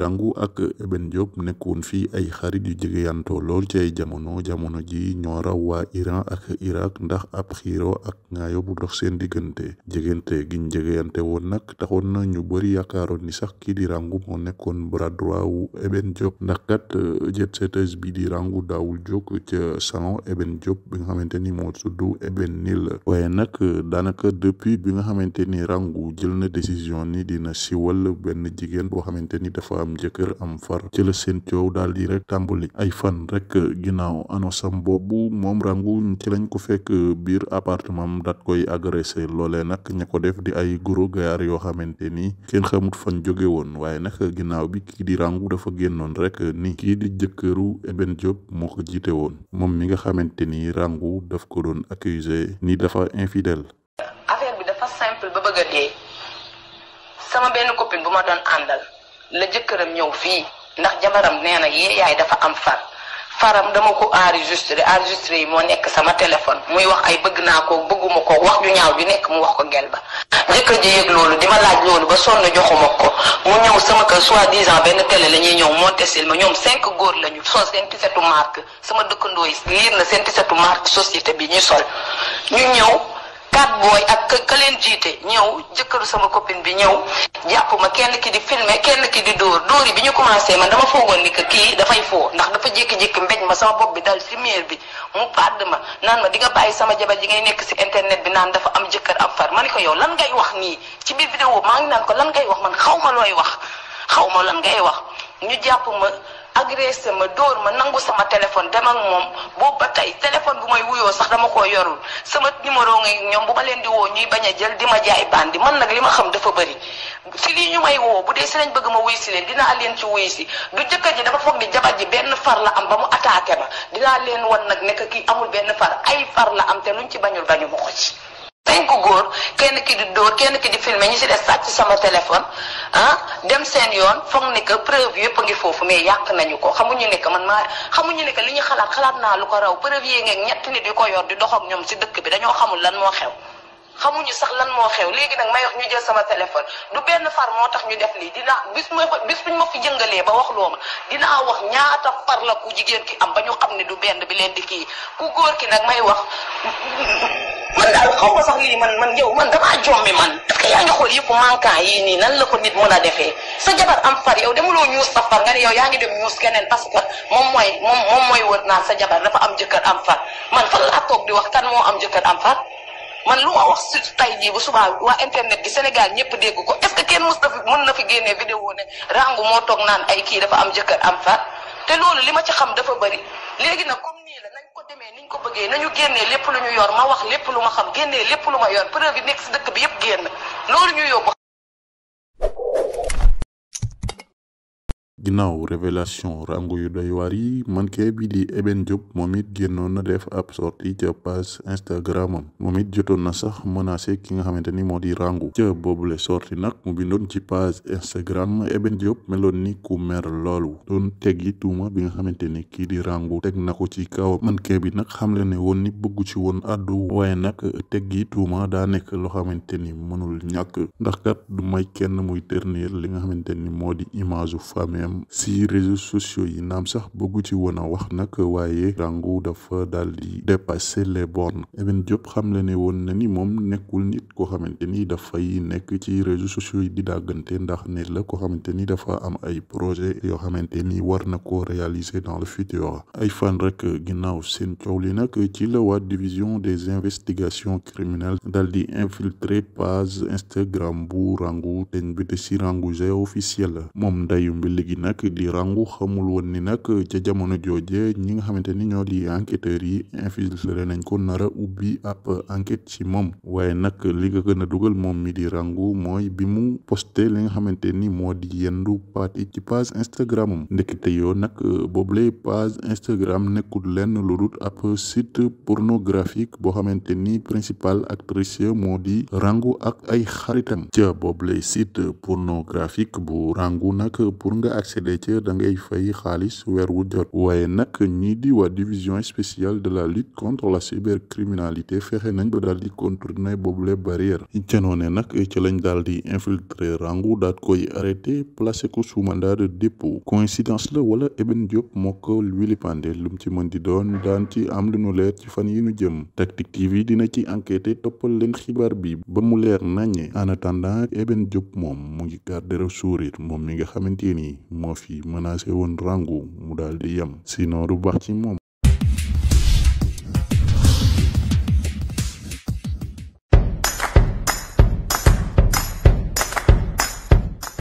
Rangou ak Eben Diop nekkoon fii ay xarit yu jegeyantoo lool ci jamono jamono ji ñoo raw waa Iran ak Irak ndax ab xiiroo ak ngaayo bu dox seen diggante jegante giñ jegeyante woon nag taxoon na ñu bëri yaakaaroon ni sax kii di Rangou moo nekkoon bras droit wu Eben Diop ndax kat jet setteuse bi di Rangou daawul jóg ca salon Eben bi nga xamante ni moo tudd Eben Nil waaye nag daanaka depuis bi nga xamante ni Rangou jël na décision ni dina siwal benn jigéen boo xamante ni am jëkkër am far ci la seen coow daal di rek tàmbali ay fan rek ginnaaw anosam boobu moom rangu ci lañ ko fekk biir appartement dat koy agressé loole nag ña ko def di ay goro gayaar yoo xamante ni kenn xamut fan jóge woon waaye nag ginnaaw bi kii di rangu dafa génnoon rek ni kii di jëkkëru Eben Diop moo ko jiite woon moom mi nga xamante ni rangu daf ko doon accusé ni dafa infidel affaire bi dafa simple ba bëgg dee sama benn copine bu ma doon àndal la jëkkëram ñëw fii ndax jabaram nee na yee yaay dafa am far faram dama ko enregistré enregistré yi moo nekk sama téléphone muy wax ay bëgg naa ko bëgguma ko wax ju ñaaw bi nekk mu wax ko gel ba jëkkër ji yëg loolu di ma laaj loolu ba sonn joxuma ko mu ñëw sama kër soi-disant benn télé la ñuy ñëw monté sil ma ñoom cinq góor lañu ñu sol seen tisetu marque sama dëkkandoo yi liir na seen tisetu marque société bi ñu sol ñu ñëw bad booy ak ka leen jiite ñëw jëkkëru sama copine bi ñëw jàpp ma kenn ki di filmer kenn ki di dóor dóor yi bi ñu commencé man dama foogoon ni que kii dafay foo ndax dafa jékki-jékki mbéj ma sama bopp bi dal si bi mu padd ma naan ma di nga bàyyi sama jabar ji ngay nekk si internet bi naan dafa am jëkkër am far ma ne ko yow lan ngay wax nii ci biir vidéo maa ngi naan ko lan ngay wax man xaw ma looy wax xaw ma lan ngay wax ñu jàpp ma agressé ma dóor ma nangu sama téléphone demal moom boobu ba tey téléphone bu may wuyoo sax dama koo yorul sama numéro nga ñoom bu ma leen di woo ñuy bañ a jël di ma jaay bandi man nag li ma xam dafa bëri si lii ñu may woo bu dee si lañ bëgg ma wuy si leen dinaa leen ci wuy si du jëkkër ji dafa foog ni jabar ji benn far la am ba mu attaqué ma dinaa leen wan nag nekk kii amul benn far ay far la am te luñ ci bañul bañu ma ko ci ki di dóor kenn ki di filmer ñi si des sàcc sama téléphone ah, dem seen yoon foog ne que preuve yëpp a ngi foofu mais yàq nañu ko xamuñu ne que man maa xamuñu ne li ñu xalaat xalaat naa lu ko raw preuve yi ngeen ñetti nit yu ko yor di dox ñoom si dëkk bi dañoo xamul lan moo xew. xamuñu sax lan moo xew léegi nag may wax ñu jël sama téléphone du benn far moo tax ñu def lii dinaa bis ma bis buñ ma fi jëngalee ba wax loo ma dinaa wax ñaata far la ku jigéen ki am ba ñu xam ne du benn bi leen di kii ku góor ki nag may wax man daal xaw man man yow man damaa jommi man xool yëpp manquant yii nii nan la nit mën a defee sa jabar am far yow demuloo ñuus sa far nga ne yow yaa ngi dem ñuus keneen parce que moom mooy moom moom mooy wër naan sa jabar dafa am jëkkër am far man fan laa toog di wax kan moo am jëkkër am man lu ma wax si tay jii bu subaa waa internet bi Sénégal ñëpp dégg ko est ce que kenn mës na fi mën na fi génnee vidéo ne rangu moo toog naan ay kii dafa am jëkkër am faat te loolu li ma ci xam dafa bëri léegi nag comme nii la nañ ko demee niñ ko bëggee nañu génnee lépp lu ñu yor ma wax lépp lu ma xam génnee lépp lu ma yor preuve yi nekk si dëkk bi yëpp génn loolu ñu yóbbu ginnaaw révélation rango yu doy waar yi mannequin bi di Eben Diop moom it génnoon na def ab sortie ca page Instagram am moom it jotoon na sax menacé ki nga xamante ni moo di rango ca boobule sortie nag mu bindoon ci page Instagram Eben Diop meloon ni ku mer loolu doon teggi tuuma bi nga xamante ni kii di rango teg na ko ci kaw mannequin bi nag xamle ne woon ni bëggu ci woon àddu waaye nag teggi tuuma daa nekk loo xamante ni mënul ñàkk ndax kat du may kenn muy ternir li nga xamante ni moo image famille dem si réseaux sociaux yi naam sax bëggu ci woon a wax nag waaye Rangou dafa daal di dépasser les bornes Eben Diop xam la ne woon na ni moom nekkul nit koo xamante ni dafay nekk ci réseaux sociaux yi di dàggante ndax nit la koo xamante ni dafa am ay projet yoo xamante ni war na ko réaliser dans le futur ay fan rek ginnaaw seen coow li nag ci la waa division des investigations criminelles daal di infiltrer page Instagram bu rangu teñ bi de si Rangou officiel moom ndayu nag di rangu xamul woon ni nag ca jamono jooje ñi nga xamante ni ñoo di enquêteurs yi infiltré nañ ko nara ubbi app enquete ci moom waaye nag li nga gën a dugal moom mi di rangu mooy bi mu poste li nga xamante ni moo di yendu parti ci page Instagram am ndekete yoo nag boobule page Instagram nekkul lenn lu dul ab site pornographique boo xamante ni principal actrice moo di rangu ak ay xaritam ca boobule site pornographique bu rangu nag pour nga accéder ci da ngay fay xaalis weer wu jot waaye nag ñii di waa division spéciale de la lutte contre la cybercriminalité fexe nañ ba daal di contourner boobule barrière ca noone nag ci lañ daal di infiltrer rangu daat koy arrêté placé ko sous mandat de dépôt coïncidence la wala Eben Diop moo ko wilipande lum ci mën di doon daan ci am lu nu leer ci fan yi nu jëm Tactic TV dina ci enquête toppal leen xibaar bi ba mu leer nañ en attendant Eben Diop moom mu ngi garder sourire moom mi nga xamante ni moo fi menacé woon Rangou mu daal di yem sinon du baax ci moom.